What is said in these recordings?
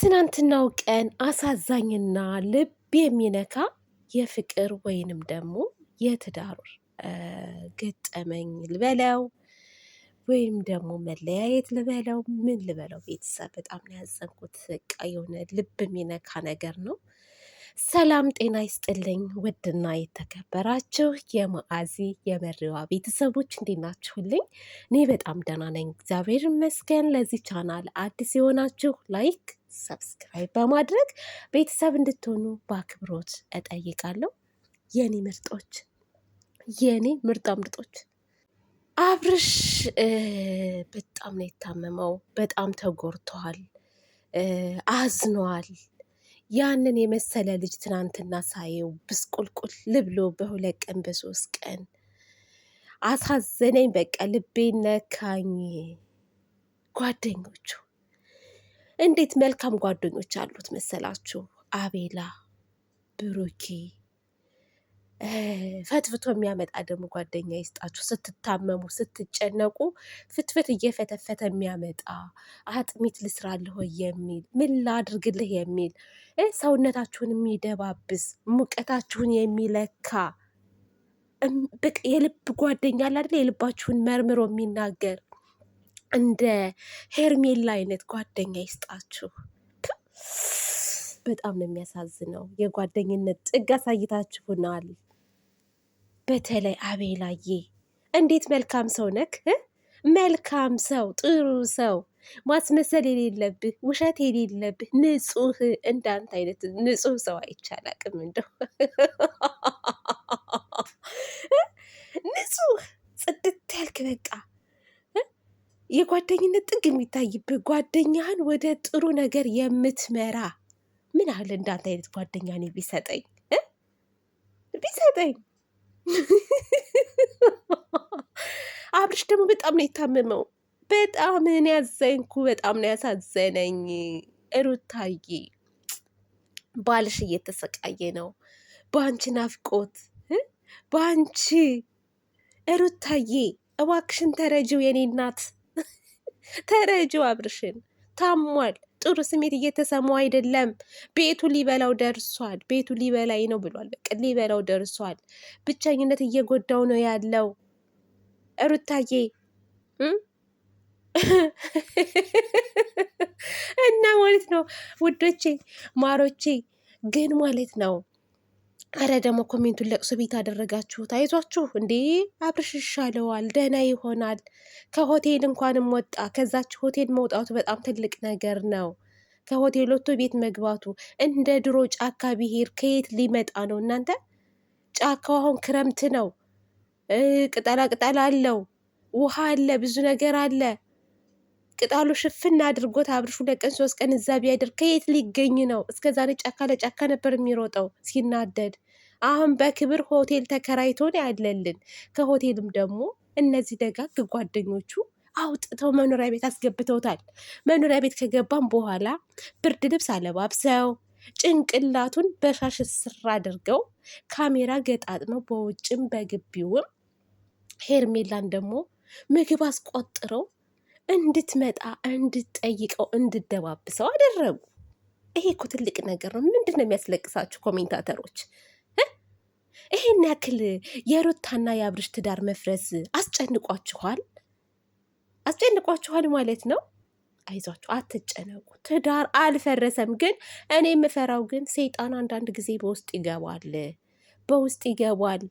የትናንትናው ቀን አሳዛኝና ልብ የሚነካ የፍቅር ወይንም ደግሞ የትዳር ገጠመኝ ልበለው ወይም ደግሞ መለያየት ልበለው ምን ልበለው፣ ቤተሰብ በጣም ነው ያዘንኩት። በቃ የሆነ ልብ የሚነካ ነገር ነው። ሰላም ጤና ይስጥልኝ። ውድና የተከበራችሁ የማዓዚ የመሪዋ ቤተሰቦች እንዴት ናችሁልኝ? እኔ በጣም ደህና ነኝ፣ እግዚአብሔር ይመስገን። ለዚህ ቻናል አዲስ የሆናችሁ ላይክ፣ ሰብስክራይብ በማድረግ ቤተሰብ እንድትሆኑ በአክብሮት እጠይቃለሁ። የኔ ምርጦች፣ የኔ ምርጣ ምርጦች አብርሽ በጣም ነው የታመመው። በጣም ተጎድተዋል፣ አዝነዋል። ያንን የመሰለ ልጅ ትናንትና ሳየው ብስቁልቁል ልብሎ በሁለት ቀን በሶስት ቀን አሳዘነኝ። በቃ ልቤ ነካኝ። ጓደኞቹ እንዴት መልካም ጓደኞች አሉት መሰላችሁ? አቤላ ብሩኬ ፈትፍቶ የሚያመጣ ደግሞ ጓደኛ ይስጣችሁ። ስትታመሙ፣ ስትጨነቁ ፍትፍት እየፈተፈተ የሚያመጣ አጥሚት ልስራልህ ወይ የሚል ምን ላድርግልህ የሚል ሰውነታችሁን የሚደባብስ ሙቀታችሁን የሚለካ የልብ ጓደኛ አለ የልባችሁን መርምሮ የሚናገር እንደ ሄርሜላ አይነት ጓደኛ ይስጣችሁ። በጣም ነው የሚያሳዝነው። የጓደኝነት ጥግ አሳይታችሁናል። በተለይ አቤላዬ እንዴት መልካም ሰው ነክ መልካም ሰው፣ ጥሩ ሰው፣ ማስመሰል የሌለብህ ውሸት የሌለብህ ንጹህ፣ እንዳንተ አይነት ንጹህ ሰው አይቻላቅም። እንደው ንጹህ ጽድት ያልክ በቃ የጓደኝነት ጥግ የሚታይብህ ጓደኛህን ወደ ጥሩ ነገር የምትመራ ምን ያህል እንዳንተ አይነት ጓደኛ እኔ ቢሰጠኝ ቢሰጠኝ አብርሽ ደግሞ በጣም ነው የታመመው። በጣም እኔ ያዘንኩ፣ በጣም ነው ያሳዘነኝ። እሩታዬ ባልሽ እየተሰቃየ ነው በአንቺ ናፍቆት፣ በአንቺ እሩታዬ፣ እባክሽን ተረጂው፣ የኔ እናት ተረጂው፣ አብርሽን ታሟል። ጥሩ ስሜት እየተሰማው አይደለም። ቤቱ ሊበላው ደርሷል። ቤቱ ሊበላይ ነው ብሏል። በቃ ሊበላው ደርሷል። ብቸኝነት እየጎዳው ነው ያለው። ሩታዬ እና ማለት ነው ውዶቼ ማሮቼ ግን ማለት ነው አረ ደግሞ ኮሜንቱን ለቅሶ ቤት አደረጋችሁ ታይዟችሁ እንዴ አብርሽ ይሻለዋል፣ ደህና ይሆናል። ከሆቴል እንኳንም ወጣ። ከዛች ሆቴል መውጣቱ በጣም ትልቅ ነገር ነው። ከሆቴል ወጥቶ ቤት መግባቱ እንደ ድሮ ጫካ ብሄር ከየት ሊመጣ ነው እናንተ? ጫካው አሁን ክረምት ነው። ቅጠላ ቅጠል አለው፣ ውሃ አለ፣ ብዙ ነገር አለ። ቅጣሉ ሽፍና አድርጎት አብርሽ ሁለት ቀን ሶስት ቀን እዛ ቢያድር ከየት ሊገኝ ነው? እስከዛ ጫካ ለጫካ ነበር የሚሮጠው ሲናደድ። አሁን በክብር ሆቴል ተከራይቶን ያለልን ከሆቴልም ደግሞ እነዚህ ደጋግ ጓደኞቹ አውጥተው መኖሪያ ቤት አስገብተውታል። መኖሪያ ቤት ከገባም በኋላ ብርድ ልብስ አለባብሰው ጭንቅላቱን በሻሽ ስር አድርገው ካሜራ ገጣጥመው በውጭም በግቢውም ሄርሜላን ደግሞ ምግብ አስቆጥረው እንድትመጣ እንድትጠይቀው እንድደባብሰው አደረጉ። ይሄ እኮ ትልቅ ነገር ነው። ምንድን ነው የሚያስለቅሳችሁ ኮሜንታተሮች? ይሄን ያክል የሩታና የአብርሽ ትዳር መፍረስ አስጨንቋችኋል፣ አስጨንቋችኋል ማለት ነው። አይዟችሁ፣ አትጨነቁ። ትዳር አልፈረሰም። ግን እኔ የምፈራው ግን ሰይጣን አንዳንድ ጊዜ በውስጥ ይገባል። በውስጥ ይገባል።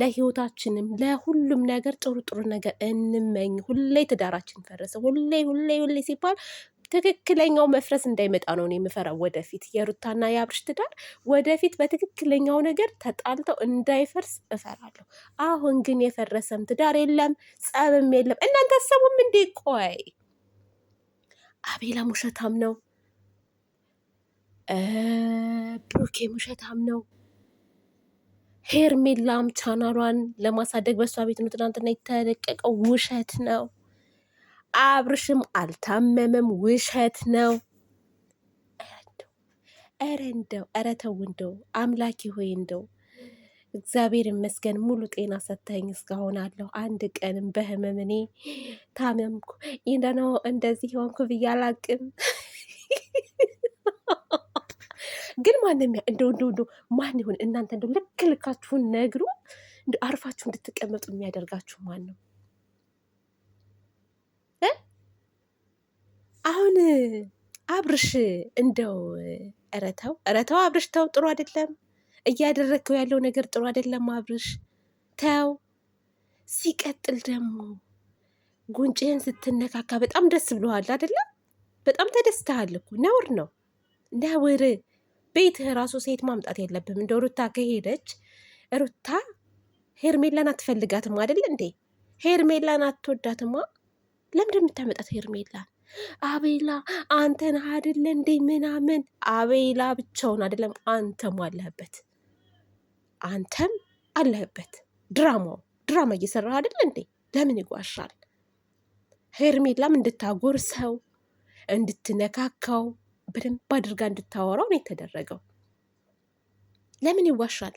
ለህይወታችንም ለሁሉም ነገር ጥሩ ጥሩ ነገር እንመኝ። ሁሌ ትዳራችን ፈረሰ፣ ሁሌ ሁሌ ሁሌ ሲባል ትክክለኛው መፍረስ እንዳይመጣ ነው የምፈራው። ወደፊት የሩታና የአብርሽ ትዳር ወደፊት በትክክለኛው ነገር ተጣልተው እንዳይፈርስ እፈራለሁ። አሁን ግን የፈረሰም ትዳር የለም፣ ጸብም የለም። እናንተ ሰቡም እንዴ? ቆይ አቤላ ውሸታም ነው፣ ብሩኬ ውሸታም ነው። ሄርሜላም ቻናሏን ለማሳደግ በእሷ ቤት ነው ትናንትና የተለቀቀው። ውሸት ነው። አብርሽም አልታመመም። ውሸት ነው። ኧረ እንደው ኧረ ተው እንደው አምላኪ ሆይ እንደው እግዚአብሔር ይመስገን ሙሉ ጤና ሰጥተኝ እስካሁን አለሁ። አንድ ቀንም በህመም እኔ ታመምኩ እንደነው እንደዚህ ሆንኩ ብዬ አላቅም። ግን ማንም እንደ እንደው እንደው ማን ይሆን እናንተ እንደ ልክ ልካችሁን ነግሩ እንደ አርፋችሁ እንድትቀመጡ የሚያደርጋችሁ ማን ነው? አሁን አብርሽ እንደው እረተው እረተው አብርሽ ተው፣ ጥሩ አይደለም እያደረግከው ያለው ነገር ጥሩ አይደለም አብርሽ ተው። ሲቀጥል ደግሞ ጉንጭህን ስትነካካ በጣም ደስ ብሎሃል አይደለም? በጣም ተደስተሃል እኮ ነውር ነው ነውር ቤትህ ራሱ ሴት ማምጣት የለብም። እንደ ሩታ ከሄደች ሩታ ሄርሜላን አትፈልጋትም አይደል እንዴ? ሄርሜላን አትወዳትማ። ለምንድ የምታመጣት ሄርሜላን? አቤላ አንተን አይደለ እንዴ ምናምን። አቤላ ብቻውን አይደለም፣ አንተም አለህበት፣ አንተም አለህበት። ድራማው ድራማ እየሰራ አይደል እንዴ? ለምን ይጓሻል? ሄርሜላም እንድታጎርሰው እንድትነካካው በደንብ አድርጋ እንድታወራው ነው የተደረገው። ለምን ይዋሻል?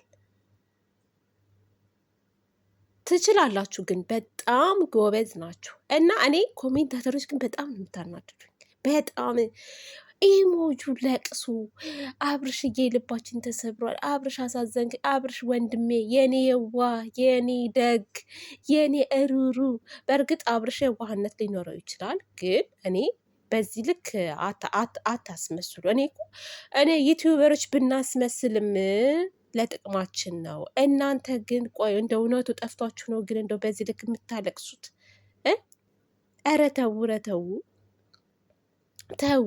ትችላላችሁ፣ ግን በጣም ጎበዝ ናችሁ። እና እኔ ኮሜንታተሮች ግን በጣም ነው የምታናድዱኝ። በጣም ኢሞጁ ለቅሱ፣ አብርሽዬ ልባችን ተሰብሯል፣ አብርሽ አሳዘን፣ አብርሽ ወንድሜ፣ የኔ የዋ፣ የኔ ደግ፣ የኔ እሩሩ። በእርግጥ አብርሽ የዋህነት ሊኖረው ይችላል፣ ግን እኔ በዚህ ልክ አታስመስሉ። እኔ እኮ እኔ ዩቲዩበሮች ብናስመስልም ለጥቅማችን ነው። እናንተ ግን ቆይ እንደ እውነቱ ጠፍቷችሁ ነው ግን እንደው በዚህ ልክ የምታለቅሱት? ኧረ ተው፣ ኧረ ተው፣ ተው።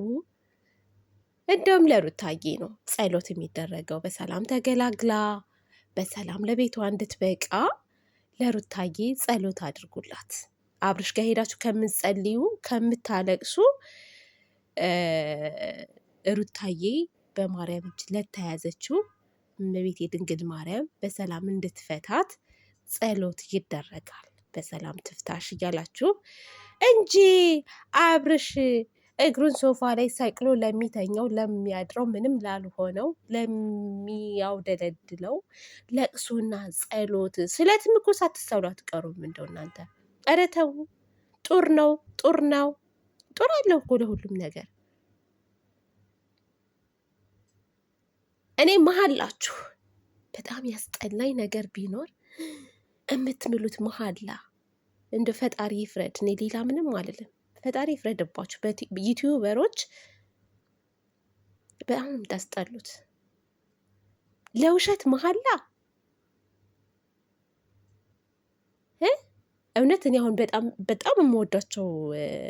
እንደውም ለሩታዬ ነው ጸሎት የሚደረገው። በሰላም ተገላግላ በሰላም ለቤቷ እንድትበቃ ለሩታዬ ጸሎት አድርጉላት። አብርሽ ጋር ሄዳችሁ ከምትጸልዩ ከምታለቅሱ ሩታዬ በማርያም እጅ ለተያዘችው እመቤት የድንግል ማርያም በሰላም እንድትፈታት ጸሎት ይደረጋል። በሰላም ትፍታሽ እያላችሁ እንጂ አብርሽ እግሩን ሶፋ ላይ ሰቅሎ ለሚተኛው ለሚያድረው ምንም ላልሆነው ለሚያውደለድለው ለቅሶና ጸሎት ስለትም እኮ ሳትሰሉ አትቀሩም። እንደው እናንተ ኧረ ተው፣ ጡር ነው ጡር ነው ጡር አለው እኮ ለሁሉም ነገር። እኔ መሀላችሁ በጣም ያስጠላኝ ነገር ቢኖር የምትምሉት መሀላ እንደ ፈጣሪ ይፍረድ። እኔ ሌላ ምንም አልልም። ፈጣሪ ይፍረድባችሁ። ዩቲዩበሮች በጣም የምታስጠሉት ለውሸት መሀላ እውነት እኔ አሁን በጣም በጣም የምወዳቸው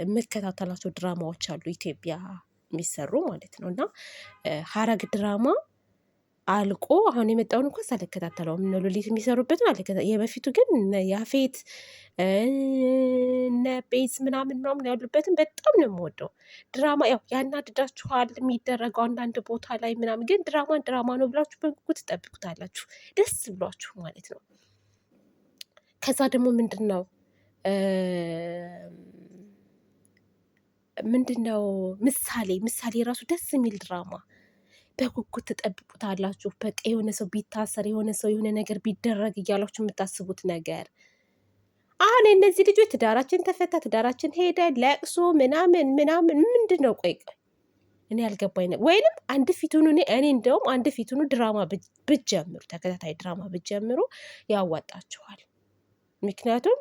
የምከታተላቸው ድራማዎች አሉ ኢትዮጵያ የሚሰሩ ማለት ነው። እና ሀረግ ድራማ አልቆ አሁን የመጣውን እንኳን ሳልከታተለውም እነ ሉሊት የሚሰሩበትን አልከታተለውም። የበፊቱ ግን እነ ያፌት እነ ቤዝ ምናምን ምናምን ያሉበትን በጣም ነው የምወደው። ድራማ ያው ያናድዳችኋል የሚደረገው አንዳንድ ቦታ ላይ ምናምን፣ ግን ድራማን ድራማ ነው ብላችሁ በጉጉት ትጠብቁታላችሁ ደስ ብሏችሁ ማለት ነው። ከዛ ደግሞ ምንድን ነው ምንድን ነው ምሳሌ ምሳሌ ራሱ ደስ የሚል ድራማ በጉጉት ትጠብቁታላችሁ። በቃ የሆነ ሰው ቢታሰር የሆነ ሰው የሆነ ነገር ቢደረግ እያላችሁ የምታስቡት ነገር አሁን እነዚህ ልጆች ትዳራችን ተፈታ፣ ትዳራችን ሄደ፣ ለቅሶ ምናምን ምናምን ምንድን ነው? ቆይ እኔ ያልገባኝ ወይንም አንድ ፊቱኑ እኔ እንደውም አንድ ፊቱኑ ድራማ ብጀምሩ ተከታታይ ድራማ ብጀምሩ ያዋጣችኋል። ምክንያቱም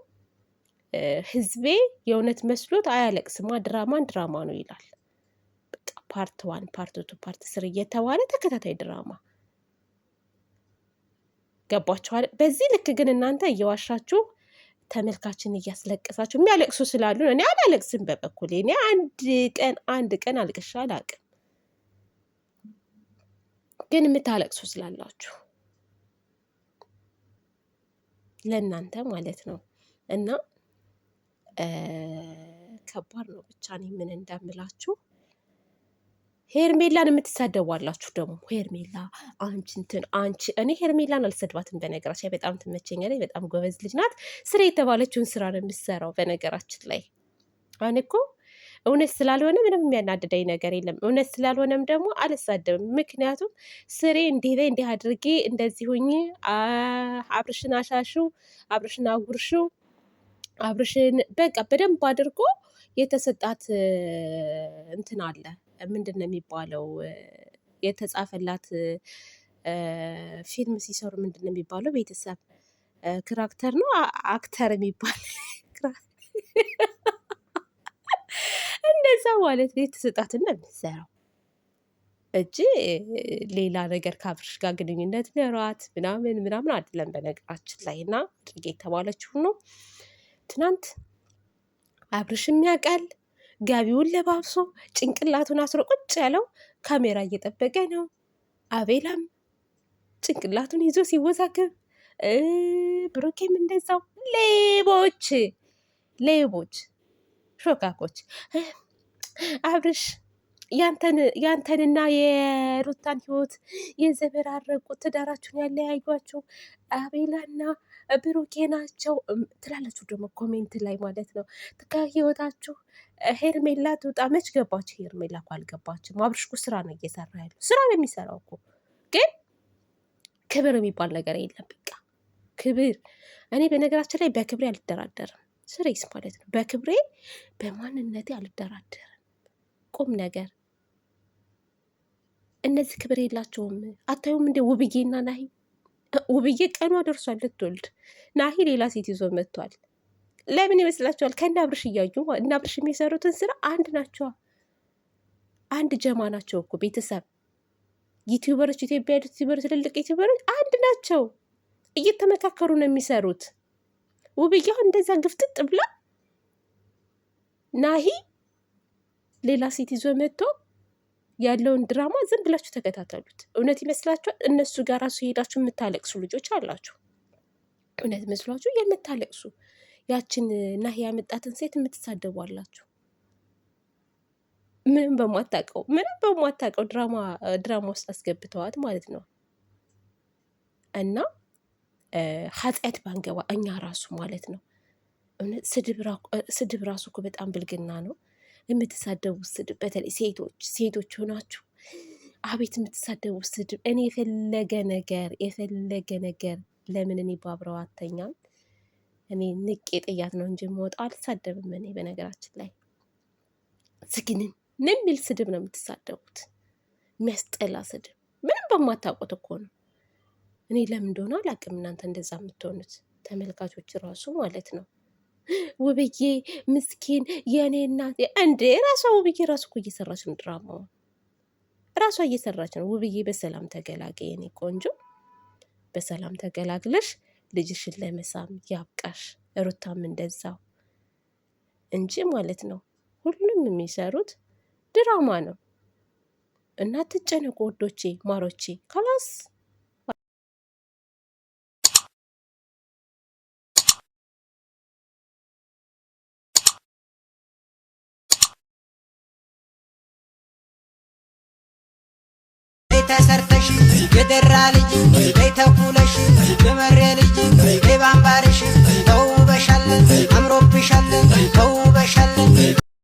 ህዝቤ የእውነት መስሎት አያለቅስማ፣ ድራማን ድራማ ነው ይላል። ፓርት ዋን፣ ፓርት ቱ፣ ፓርት ስር እየተባለ ተከታታይ ድራማ ገባችኋል። በዚህ ልክ ግን እናንተ እየዋሻችሁ ተመልካችን እያስለቀሳችሁ የሚያለቅሱ ስላሉ እኔ አላለቅስም በበኩሌ። እኔ አንድ ቀን አንድ ቀን አልቅሻ አላቅም፣ ግን የምታለቅሱ ስላላችሁ ለእናንተ ማለት ነው እና ከባድ ነው። ብቻ እኔ ምን እንደምላችሁ ሄርሜላን የምትሳደቡ ደግሞ ሄርሜላ አንቺ እንትን አንቺ እኔ ሄርሜላን አልሰድባትም። በነገራችን ላይ በጣም ትመቸኛለች። በጣም ጎበዝ ልጅ ናት። ስራ የተባለችውን ስራ ነው የምትሰራው። በነገራችን ላይ አሁን እኮ እውነት ስላልሆነ ምንም የሚያናድደኝ ነገር የለም። እውነት ስላልሆነም ደግሞ አልሳደብም። ምክንያቱም ስሬ እንዲህ ላይ እንዲህ አድርጌ እንደዚህ ሁኝ አብርሽን አሻሹ፣ አብርሽን አጉርሹ አብርሽን በቃ በደንብ አድርጎ የተሰጣት እንትን አለ ምንድን ነው የሚባለው? የተጻፈላት ፊልም ሲሰሩ ምንድን ነው የሚባለው? ቤተሰብ ክራክተር ነው አክተር የሚባል እንደዛ ማለት ነው የተሰጣትን ነው የምትሰራው እጅ ሌላ ነገር ከአብርሽ ጋር ግንኙነት ኖሯት ምናምን ምናምን አይደለም። በነገራችን ላይ እና ድርጌ የተባለችው ነው ትናንት አብርሽም ያውቃል። ጋቢውን ለባብሶ ጭንቅላቱን አስሮ ቁጭ ያለው ካሜራ እየጠበቀ ነው። አቤላም ጭንቅላቱን ይዞ ሲወዛገብ፣ ብሩኬም እንደዛው። ሌቦች ሌቦች ሾካኮች አብርሽ ያንተንና የሩታን ህይወት የዘበራረቁ ትዳራችሁን ያለያዩአችሁ አቤላና ብሩኬ ናቸው ትላላችሁ ደግሞ ኮሜንት ላይ ማለት ነው። ከህይወታችሁ ሄርሜላ ትውጣ። መች ገባች ሄርሜላ? እኮ አልገባችም። አብርሽ እኮ ስራ ነው እየሰራ ያለው ስራ ነው የሚሰራው እኮ። ግን ክብር የሚባል ነገር የለም። በቃ ክብር። እኔ በነገራችን ላይ በክብሬ አልደራደርም። ስሬስ ማለት ነው። በክብሬ በማንነቴ አልደራደርም። ቁም ነገር እነዚህ ክብር የላቸውም። አታዩም እንደ ውብዬና ናይ ውብዬ ቀኗ ደርሷል ልትወልድ። ናሂ ሌላ ሴት ይዞ መጥቷል። ለምን ይመስላችኋል? ከእነ አብርሽ እያዩ እነ አብርሽ የሚሰሩትን ስራ አንድ ናቸዋ። አንድ ጀማ ናቸው እኮ ቤተሰብ። ዩቲዩበሮች፣ ኢትዮጵያ ያሉት ዩቲዩበሮች፣ ትልልቅ ዩቲዩበሮች አንድ ናቸው። እየተመካከሩ ነው የሚሰሩት። ውብያው እንደዛ ግፍጥጥ ብላ ናሂ ሌላ ሴት ይዞ መጥቶ ያለውን ድራማ ዝም ብላችሁ ተከታተሉት። እውነት ይመስላችኋል? እነሱ ጋር ራሱ ሄዳችሁ የምታለቅሱ ልጆች አላችሁ። እውነት ይመስሏችሁ የምታለቅሱ ያችን ና ያመጣትን ሴት የምትሳደቡ አላችሁ። ምንም በማታውቀው ምንም በማታውቀው ድራማ ድራማ ውስጥ አስገብተዋት ማለት ነው። እና ኃጢአት ባንገባ እኛ ራሱ ማለት ነው። ስድብ ራሱ እኮ በጣም ብልግና ነው። የምትሳደቡ ስድብ በተለይ ሴቶች ሴቶች ሆናችሁ አቤት የምትሳደቡ ስድብ። እኔ የፈለገ ነገር የፈለገ ነገር ለምን እኔ ባብረው አተኛም እኔ ንቄ ጥያት ነው እንጂ የምወጣው አልሳደብም። እኔ በነገራችን ላይ ምን የሚል ስድብ ነው የምትሳደቡት፣ የሚያስጠላ ስድብ ምንም በማታውቁት እኮ ነው። እኔ ለምን እንደሆነ አላውቅም እናንተ እንደዛ የምትሆኑት ተመልካቾች ራሱ ማለት ነው። ውብዬ ምስኪን የእኔ እናት እንዴ! ራሷ ውብዬ ራሱ እኮ እየሰራች ነው ድራማው፣ ራሷ እየሰራች ነው። ውብዬ በሰላም ተገላገ የኔ ቆንጆ፣ በሰላም ተገላግለሽ ልጅሽን ለመሳም ያብቃሽ። ሩታም እንደዛው እንጂ ማለት ነው። ሁሉም የሚሰሩት ድራማ ነው እና ትጨነቁ ወዶቼ ማሮቼ ካላስ ተሰርተሽ የደራ ልጅ ቤተኩለሽ የመሬ ልጅ